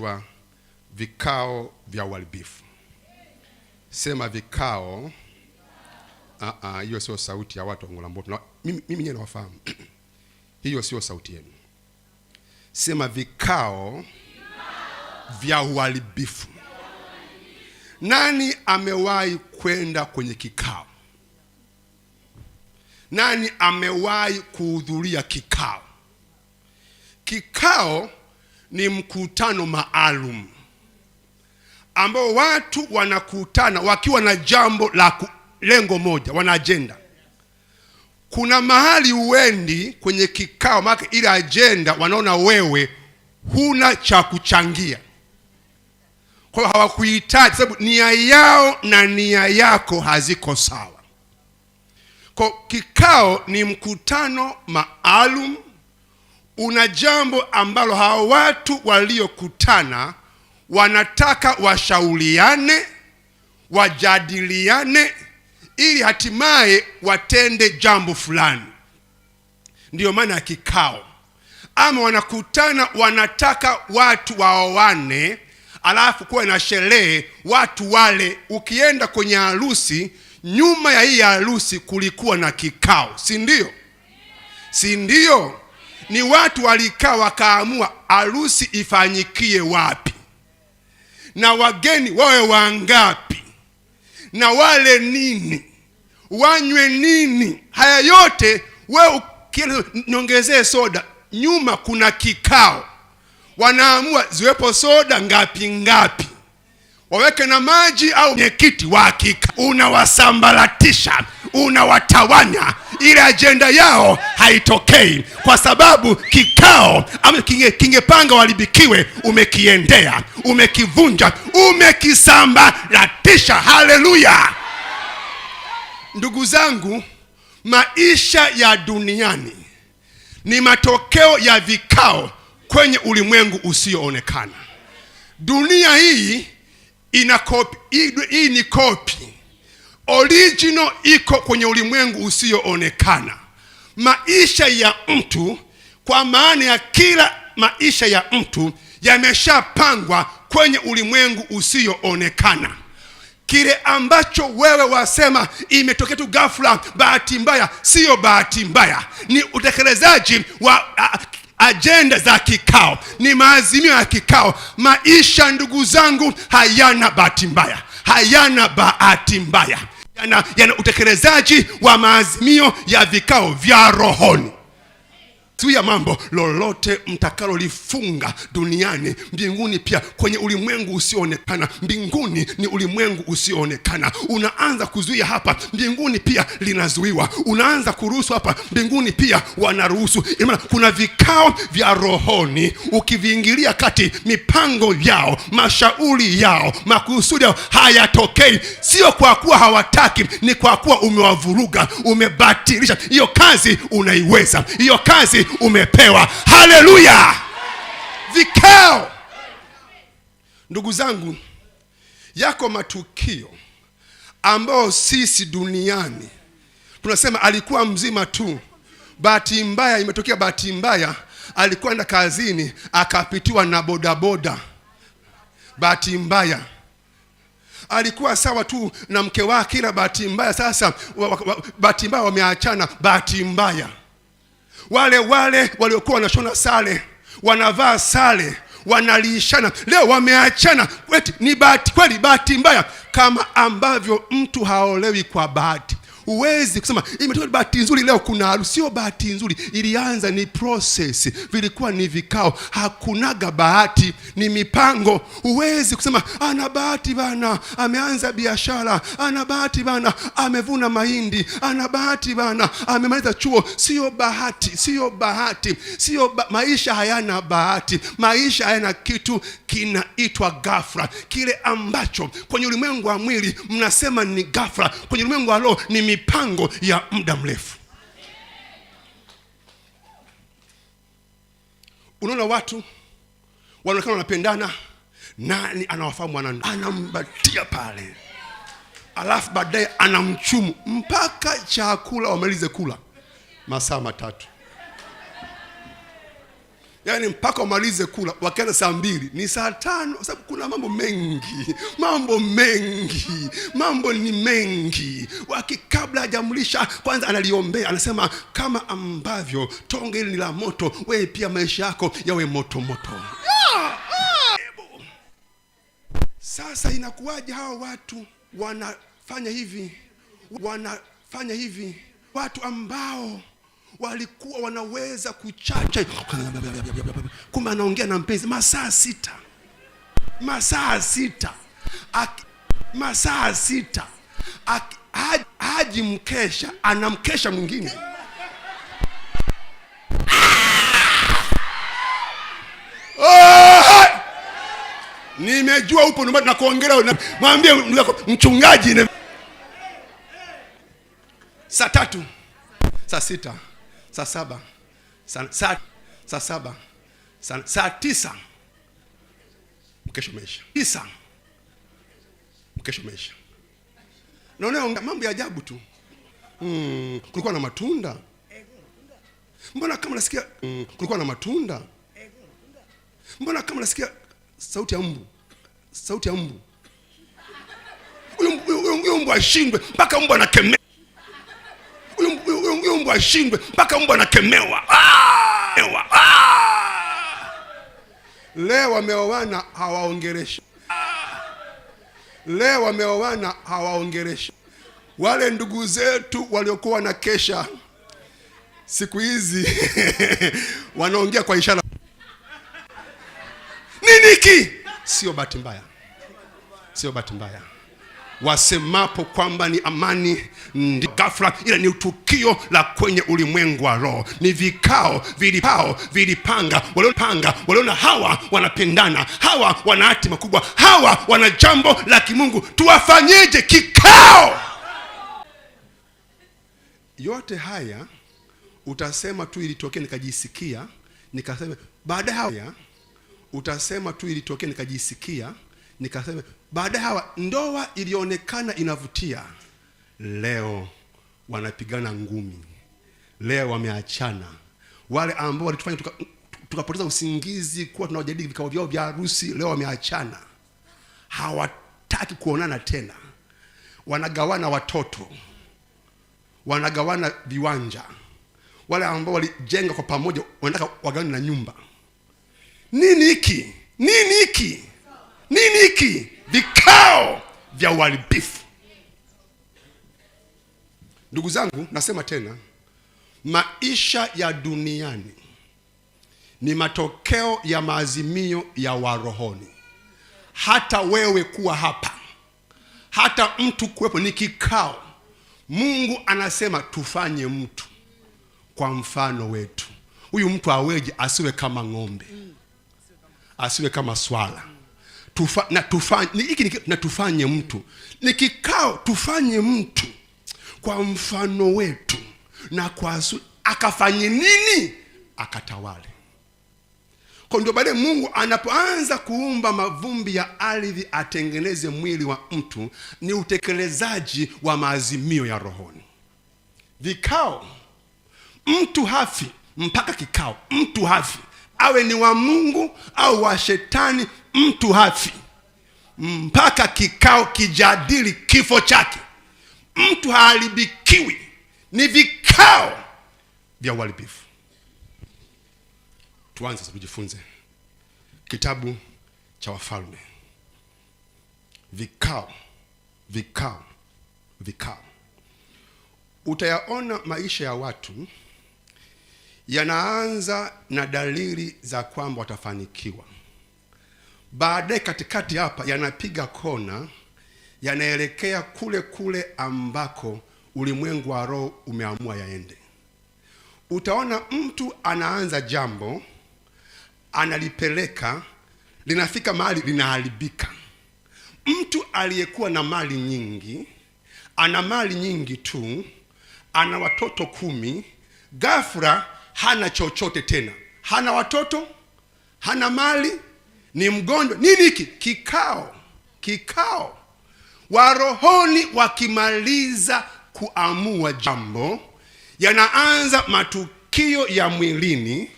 kuitishwa vikao vya uharibifu. Sema vikao. Uh-uh, hiyo sio sauti ya watu wa Ngolamboto, mimi mwenyewe nawafahamu hiyo sio sauti yenu. Sema vikao vya uharibifu. Nani amewahi kwenda kwenye kikao? Nani amewahi kuhudhuria kikao? Kikao ni mkutano maalum ambao watu wanakutana wakiwa na jambo la lengo moja, wana ajenda. Kuna mahali uendi kwenye kikao, maana ile ajenda wanaona wewe huna cha kuchangia, kwa hiyo hawakuhitaji, sababu nia yao na nia yako haziko sawa. Kwa kikao ni mkutano maalum una jambo ambalo hao watu waliokutana wanataka washauriane, wajadiliane ili hatimaye watende jambo fulani. Ndiyo maana ya kikao. Ama wanakutana wanataka watu waoane, alafu kuwe na sherehe, watu wale. Ukienda kwenye harusi, nyuma ya hii harusi kulikuwa na kikao, si ndio? si ndio? ni watu walikaa wakaamua harusi ifanyikie wapi na wageni wawe wangapi na wale nini wanywe nini. Haya yote wewe nyongezee soda. Nyuma kuna kikao, wanaamua ziwepo soda ngapi ngapi, waweke na maji au nyekiti wa kikao unawasambaratisha unawatawanya, ile ajenda yao haitokei, kwa sababu kikao kingepanga walibikiwe umekiendea, umekivunja, umekisamba latisha Haleluya! Ndugu zangu, maisha ya duniani ni matokeo ya vikao kwenye ulimwengu usioonekana. Dunia hii ina hii, hii ni kopi Original iko kwenye ulimwengu usiyoonekana, maisha ya mtu, kwa maana ya kila maisha ya mtu yameshapangwa kwenye ulimwengu usiyoonekana. Kile ambacho wewe wasema imetokea tu ghafla, bahati mbaya, siyo bahati mbaya, ni utekelezaji wa a, ajenda za kikao, ni maazimio ya kikao. Maisha ndugu zangu, hayana bahati mbaya, hayana bahati mbaya yana, yana utekelezaji wa maazimio ya vikao vya rohoni juu ya mambo lolote mtakalolifunga duniani mbinguni pia, kwenye ulimwengu usioonekana. Mbinguni ni ulimwengu usioonekana. Unaanza kuzuia hapa, mbinguni pia linazuiwa. Unaanza kuruhusu hapa, mbinguni pia wanaruhusu. Maana kuna vikao vya rohoni, ukiviingilia kati, mipango yao, mashauri yao, makusudi yao hayatokei. Sio kwa kuwa hawataki, ni kwa kuwa umewavuruga, umebatilisha. Hiyo kazi unaiweza, hiyo kazi umepewa. Haleluya! Vikao, ndugu zangu, yako matukio ambayo sisi duniani tunasema alikuwa mzima tu, bahati mbaya imetokea, bahati mbaya alikuwa enda kazini akapitiwa na bodaboda, bahati mbaya alikuwa sawa tu na mke wake, ila bahati mbaya sasa, bahati mbaya wameachana, bahati mbaya wale wale waliokuwa wanashona sare, wanavaa sare, wanaliishana, leo wameachana. ni bahati kweli, bahati mbaya, kama ambavyo mtu haolewi kwa bahati. Huwezi kusema imetoka bahati nzuri leo kuna harusi. Sio bahati nzuri, ilianza ni process, vilikuwa ni vikao. Hakunaga bahati, ni mipango. Huwezi kusema ana bahati bana, ameanza biashara, ana bahati bana, amevuna mahindi, ana bahati bana, amemaliza chuo. Sio bahati, sio bahati, sio ba... maisha hayana bahati, maisha hayana kitu kinaitwa ghafla. Kile ambacho kwenye ulimwengu wa mwili mnasema ni ghafla, kwenye ulimwengu wa roho ni mipango ya muda mrefu. Unaona watu wanaonekana wanapendana, nani anawafahamu wanani, anambatia pale, alafu baadaye anamchumu mpaka chakula wamalize kula masaa matatu yani mpaka wamalize kula, wakienda saa mbili ni saa tano, kwa sababu kuna mambo mengi, mambo mengi, mambo ni mengi. Waki kabla hajamlisha kwanza analiombea, anasema kama ambavyo tonge hili ni la moto, wewe pia maisha yako yawe moto moto. Sasa inakuwaje hawa watu wanafanya hivi, wanafanya hivi, watu ambao walikuwa wanaweza kuchacha, kumbe anaongea na mpenzi masaa sita, masaa sita, masaa sita, haji, haji mkesha, anamkesha mwingine ah! Nimejua upo nyumbani nakuongelea, mwambie mchungaji, saa tatu saa sita saa saba saa sa saba saa sa tisa mkesha umeisha, tisa mkesha umeisha. Naona mambo ya ajabu tu. Mm, kulikuwa na matunda mbona kama nasikia mm, kulikuwa na matunda mbona kama nasikia sauti ya mbu, sauti ya mbu, huyo mbu ashindwe mpaka mbu anakemea. Mungu ashindwe mpaka Mungu anakemewa. Ah! Ah! Leo wameoana hawaongereshi. Leo wameoana hawaongereshi. Wale ndugu zetu waliokuwa na kesha siku hizi wanaongea kwa ishara. niniki Sio bahati mbaya, sio bahati mbaya wasemapo kwamba ni amani ndi ghafla, ila ni tukio la kwenye ulimwengu wa roho. Ni vikao vilipao vilipanga, waliopanga waliona hawa wanapendana, hawa wana hati makubwa, hawa wana jambo la kimungu, tuwafanyeje kikao? Yote haya utasema tu ilitokea nikajisikia, nikasema baada ya utasema tu ilitokea nikajisikia, nikasema baada ya hawa, ndoa ilionekana inavutia, leo wanapigana ngumi, leo wameachana. Wale ambao walitufanya tukapoteza tuka usingizi kuwa tunaojadili vikao vyao vya harusi, leo wameachana, hawataki kuonana tena, wanagawana watoto, wanagawana viwanja. Wale ambao walijenga kwa pamoja wanataka wagawane na nyumba. Nini hiki? Nini hiki? nini hiki? Vikao vya uharibifu. Ndugu zangu, nasema tena, maisha ya duniani ni matokeo ya maazimio ya warohoni. Hata wewe kuwa hapa, hata mtu kuwepo, ni kikao. Mungu anasema tufanye mtu kwa mfano wetu. Huyu mtu aweje? Asiwe kama ng'ombe, asiwe kama swala na tufanye na tufanye mtu ni kikao, tufanye mtu kwa mfano wetu na kwa akafanye nini? Akatawale. Kwa ndio baadaye Mungu anapoanza kuumba mavumbi ya ardhi atengeneze mwili wa mtu, ni utekelezaji wa maazimio ya rohoni. Vikao, mtu hafi mpaka kikao, mtu hafi awe ni wa Mungu au wa shetani, mtu hafi mpaka kikao kijadili kifo chake. Mtu haharibikiwi, ni vikao vya uharibifu. Tuanze tujifunze kitabu cha Wafalme. Vikao, vikao, vikao. Utayaona maisha ya watu yanaanza na dalili za kwamba watafanikiwa baadaye katikati hapa yanapiga kona, yanaelekea kule kule ambako ulimwengu wa roho umeamua yaende. Utaona mtu anaanza jambo, analipeleka, linafika mahali linaharibika. Mtu aliyekuwa na mali nyingi, ana mali nyingi tu, ana watoto kumi, ghafla hana chochote tena, hana watoto, hana mali ni mgonjwa nini. Hiki kikao kikao warohoni, wakimaliza kuamua jambo, yanaanza matukio ya mwilini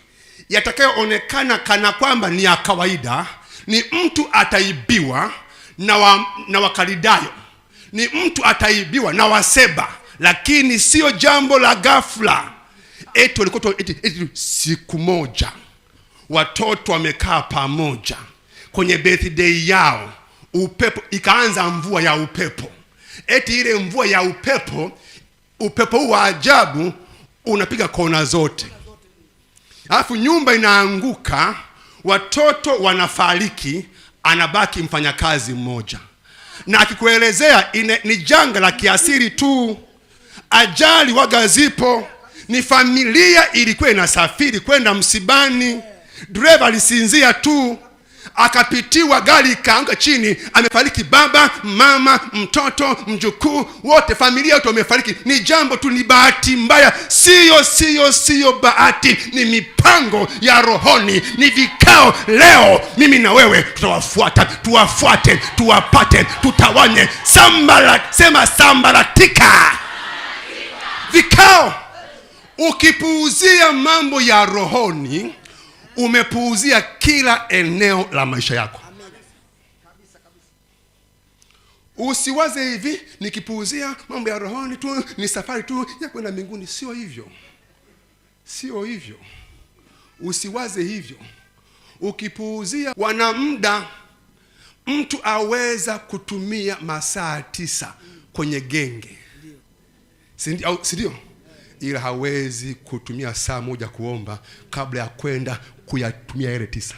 yatakayoonekana kana kwamba ni ya kawaida. Ni mtu ataibiwa na, wa, na wakalidayo ni mtu ataibiwa na Waseba, lakini siyo jambo la ghafla eti walikuwa siku moja watoto wamekaa pamoja kwenye birthday yao, upepo ikaanza, mvua ya upepo. Eti ile mvua ya upepo, upepo huu wa ajabu unapiga kona zote, alafu nyumba inaanguka, watoto wanafariki, anabaki mfanyakazi mmoja, na akikuelezea ni janga la kiasiri tu. Ajali waga zipo, ni familia ilikuwa inasafiri kwenda msibani Dereva alisinzia tu, akapitiwa, gari ikaanguka chini. Amefariki baba, mama, mtoto, mjukuu, wote familia yote wamefariki. Ni jambo tu, ni bahati mbaya. Siyo, siyo, siyo bahati, ni mipango ya rohoni, ni vikao. Leo mimi na wewe tutawafuata, tuwafuate, tuwapate, tutawanye. Sambala, sema sambaratika, vikao. Ukipuuzia mambo ya rohoni umepuuzia kila eneo la maisha yako. Usiwaze hivi, nikipuuzia mambo ya rohoni tu ni safari tu ya kwenda mbinguni. Sio hivyo, sio hivyo, usiwaze hivyo. Ukipuuzia wana muda, mtu aweza kutumia masaa tisa kwenye genge, sindio ndio? Ila hawezi kutumia saa moja kuomba kabla ya kwenda kuyatumia yale tisa.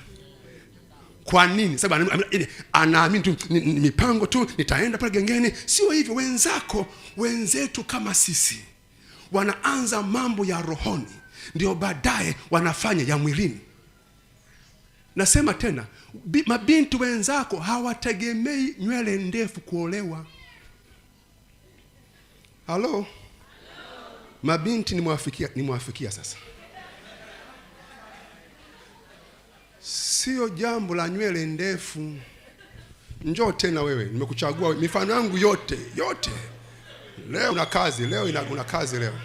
Kwa nini? Sababu anaamini tu mipango tu, nitaenda pale gengeni. Sio hivyo, wenzako wenzetu kama sisi wanaanza mambo ya rohoni, ndio baadaye wanafanya ya mwilini. Nasema tena, mabinti wenzako hawategemei nywele ndefu kuolewa. Halo, mabinti nimwafikia, nimwafikia sasa Sio jambo la nywele ndefu. Njoo tena wewe, nimekuchagua Mifano yangu yote yote, leo una kazi, leo una kazi leo.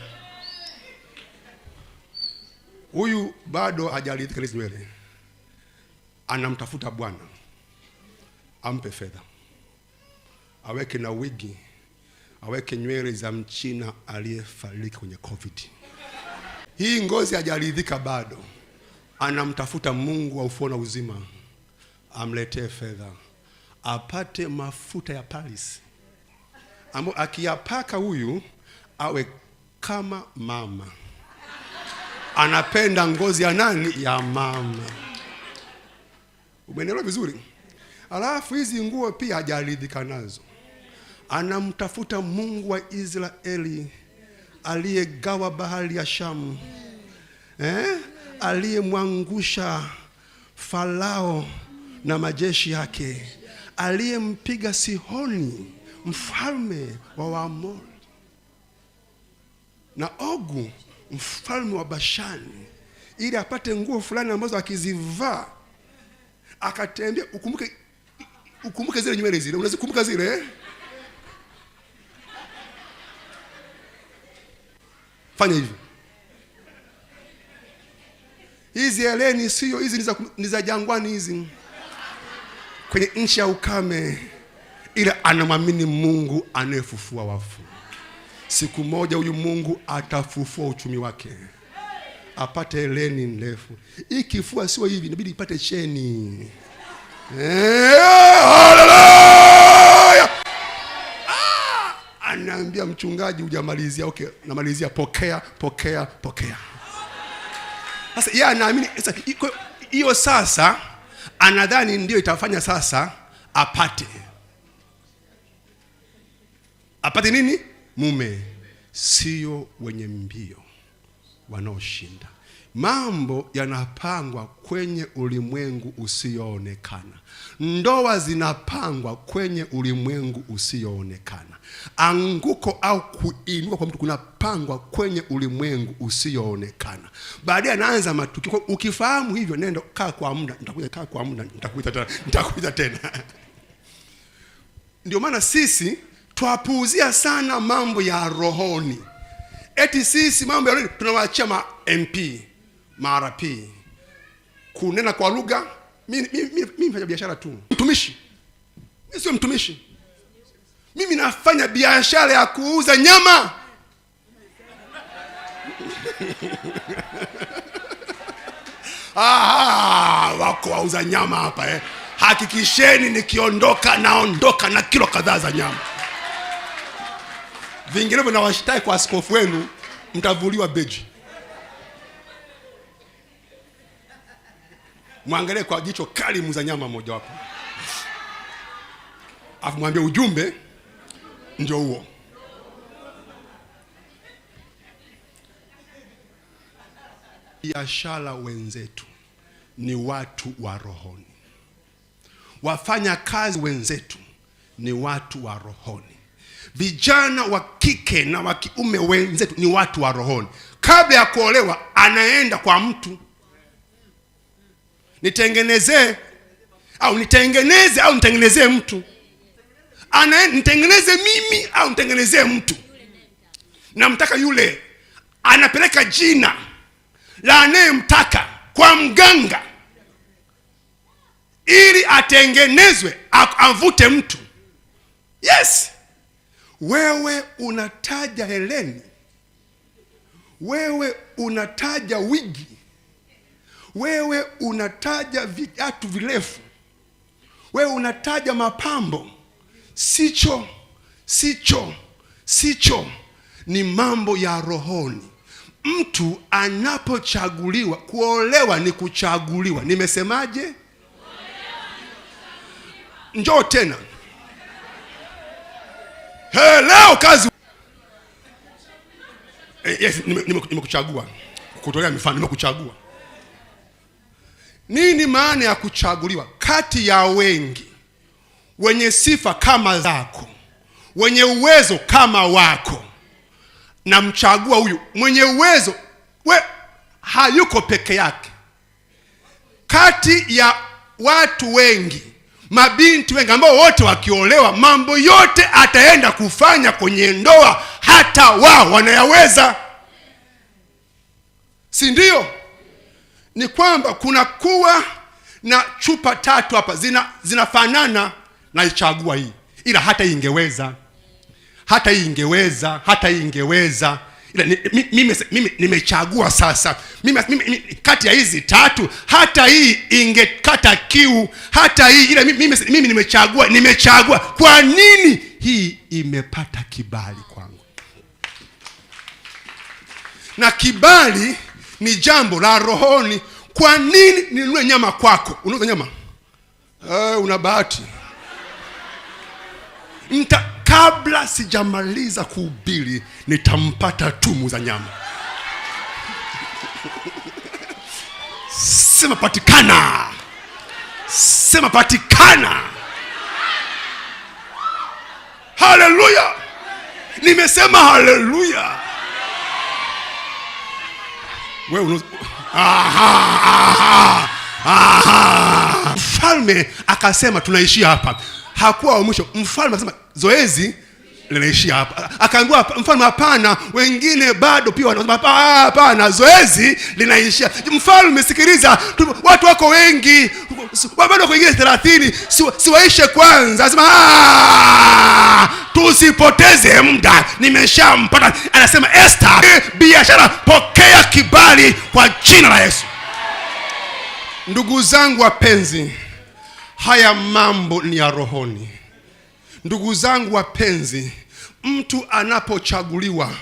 Huyu bado hajaridhika hizi nywele, anamtafuta bwana ampe fedha, aweke na wigi, aweke nywele za mchina aliyefariki kwenye COVID. Hii ngozi hajaridhika bado anamtafuta Mungu wa ufuo na uzima amletee fedha apate mafuta ya Paris ambayo akiyapaka huyu awe kama mama, anapenda ngozi ya nani? Ya mama. Umenielewa vizuri? Alafu hizi nguo pia hajaridhika nazo, anamtafuta Mungu wa Israeli aliyegawa bahari ya Shamu eh? aliyemwangusha Farao na majeshi yake, aliyempiga Sihoni mfalme wa Waamori na Ogu mfalme wa Bashani, ili apate nguo fulani ambazo akizivaa akatembea. Ukumbuke, ukumbuke zile nywele zile, unazikumbuka zile eh? Fanya hivi hizi eleni sio hizi, ni za jangwani hizi, kwenye nchi ya ukame, ila anamwamini Mungu anayefufua wafu. Siku moja huyu Mungu atafufua uchumi wake, apate eleni ndefu. Hii kifua sio hivi, inabidi ipate cheni. Eh, haleluya! Ah! Anaambia mchungaji, hujamalizia. Okay, namalizia. Pokea, pokea, pokea. Sasa yeye anaamini hiyo, sasa anadhani ndio itafanya sasa apate apate nini mume. Sio wenye mbio wanaoshinda. Mambo yanapangwa kwenye ulimwengu usiyoonekana. Ndoa zinapangwa kwenye ulimwengu usiyoonekana. Anguko au kuinuka kwa mtu kunapangwa kwenye ulimwengu usiyoonekana. Baadaye anaanza matukio. Ukifahamu hivyo, nenda kaa kwa muda, nitakuja. Kaa kwa muda, nitakuja tena, nitakuja tena. Ndio maana sisi twapuuzia sana mambo ya rohoni, eti sisi mambo ya rohoni tunawaachia ma MP mara pii kunena kwa lugha. Mimi nafanya biashara tu, mtumishi mimi, sio mtumishi. Mimi nafanya biashara ya kuuza nyama Aha, wako wauza nyama hapa eh. Hakikisheni nikiondoka naondoka na kilo kadhaa za nyama, vinginevyo nawashtaki kwa askofu wenu, mtavuliwa beji. mwangalie kwa jicho kali muza nyama wapo afu mwambie ujumbe ndio huo. Biashara wenzetu ni watu wa rohoni, wafanya kazi wenzetu ni watu wa rohoni, vijana wa kike na wa kiume wenzetu ni watu wa rohoni. Kabla ya kuolewa, anaenda kwa mtu nitengenezee au nitengeneze au nitengenezee mtu ana nitengeneze mimi au nitengenezee mtu. Namtaka yule anapeleka jina la anayemtaka kwa mganga ili atengenezwe avute mtu. Yes, wewe unataja Heleni, wewe unataja wigi wewe unataja viatu virefu, wewe unataja mapambo. Sicho, sicho, sicho, ni mambo ya rohoni. Mtu anapochaguliwa kuolewa ni kuchaguliwa. Nimesemaje? Njoo tena. He, leo kazi. Eh, yes, nimekuchagua nime kutolea mifano, nimekuchagua nini maana ya kuchaguliwa? Kati ya wengi wenye sifa kama zako, wenye uwezo kama wako, namchagua huyu mwenye uwezo. We hayuko peke yake, kati ya watu wengi, mabinti wengi ambao wote wakiolewa, mambo yote ataenda kufanya kwenye ndoa, hata wao wanayaweza, si ndio? ni kwamba kuna kuwa na chupa tatu hapa zina zinafanana na ichagua hii, ila hata hii ingeweza, hata hii ingeweza, hata hii ingeweza ila mimi nimechagua sasa mimi, kati ya hizi tatu hata hii ingekata kiu, hata hii ila mimi, mimi nimechagua nimechagua. Kwa nini hii imepata kibali kwangu? Na kibali ni jambo la rohoni. Kwa nini ninunue nyama kwako? Unauza nyama eh? Una bahati. mta kabla sijamaliza kuhubiri nitampata tu muuza nyama, sema patikana, sema patikana. Haleluya! Nimesema haleluya wewe unaweza aha, aha, aha. Mfalme akasema tunaishia hapa, hakuwa wa mwisho. Mfalme akasema zoezi linaishia hapa. Akaambiwa mfalme hapana. Wengine bado pia wanasema ah, hapana, zoezi linaishia. Mfalme sikiliza, watu wako wengi bado wako wengine thelathini, siwaishe kwanza. asema ah, tusipoteze muda, nimeshampata. Anasema Esta, eh, biashara, pokea kibali kwa jina la Yesu. Ndugu zangu wapenzi, haya mambo ni ya rohoni. Ndugu zangu wapenzi, mtu anapochaguliwa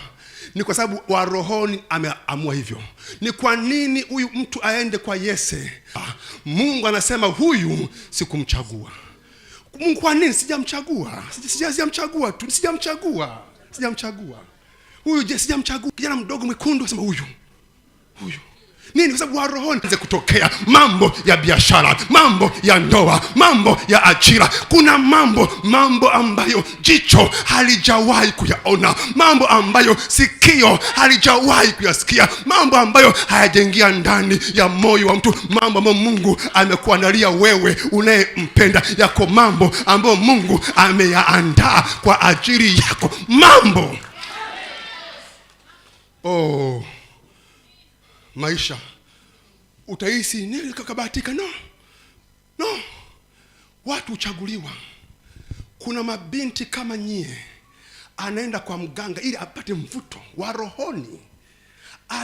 ni kwa sababu wa rohoni ameamua hivyo. Ni kwa nini huyu mtu aende kwa Yese? Mungu anasema huyu sikumchagua. Mungu, kwa nini sijamchagua? Sijamchagua tu, sijamchagua, sijamchagua huyu, sijamchagua. Kijana mdogo mwekundu, asema huyu huyu nini? Kwa sababu warohoni anze kutokea mambo ya biashara, mambo ya ndoa, mambo ya ajira. Kuna mambo mambo ambayo jicho halijawahi kuyaona, mambo ambayo sikio halijawahi kuyasikia, mambo ambayo hayajaingia ndani ya moyo wa mtu, mambo ambayo Mungu amekuandalia wewe unayempenda. Yako mambo ambayo Mungu ameyaandaa kwa ajili yako, mambo oh maisha, utahisi nili No, no, watu huchaguliwa. Kuna mabinti kama nyie, anaenda kwa mganga ili apate mvuto wa rohoni.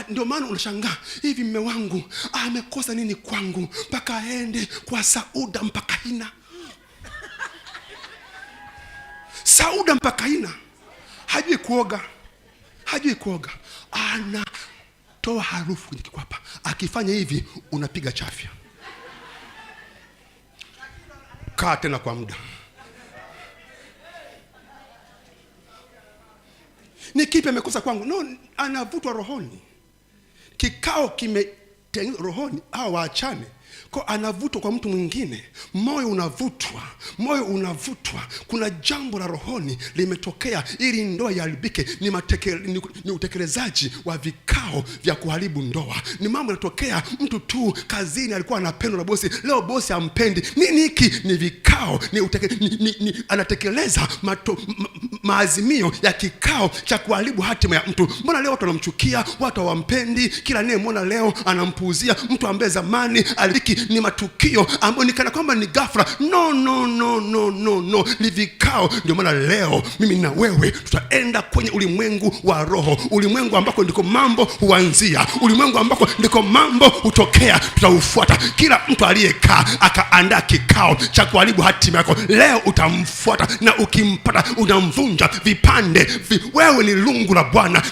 Ndio maana unashangaa hivi, mme wangu amekosa nini kwangu mpaka aende kwa Sauda mpaka hina Sauda mpaka hina, hajui kuoga, hajui kuoga, ana toa harufu kwenye kikwapa. Akifanya hivi unapiga chafya. Kaa tena kwa muda. Ni kipi amekosa kwangu? No, anavutwa rohoni. Kikao kimetengenezwa rohoni, au waachane. Kwa anavutwa kwa mtu mwingine, moyo unavutwa, moyo unavutwa. Kuna jambo la rohoni limetokea ili ndoa iharibike. Ni, ni, ni utekelezaji wa vikao vya kuharibu ndoa. Ni mambo yanatokea. Mtu tu kazini alikuwa anapendwa na bosi, leo bosi ampendi. Nini hiki? Ni vikao, ni, ni, ni, ni anatekeleza mato, maazimio ya kikao cha kuharibu hatima ya mtu. Mbona leo watu wanamchukia, watu hawampendi, kila anayemwona leo anampuuzia mtu ambaye zamani aliki. Ni matukio ambayo nikana kwamba ni ghafla. No, no, no, no, no, no, ni vikao. Ndio maana leo mimi na wewe tutaenda kwenye ulimwengu wa roho, ulimwengu ambako ndiko mambo huanzia, ulimwengu ambako ndiko mambo hutokea. Tutaufuata. Kila mtu aliyekaa akaandaa kikao cha kuharibu hatima yako, leo utamfuata, na ukimpata unamvunja vipande vi, wewe ni lungu la Bwana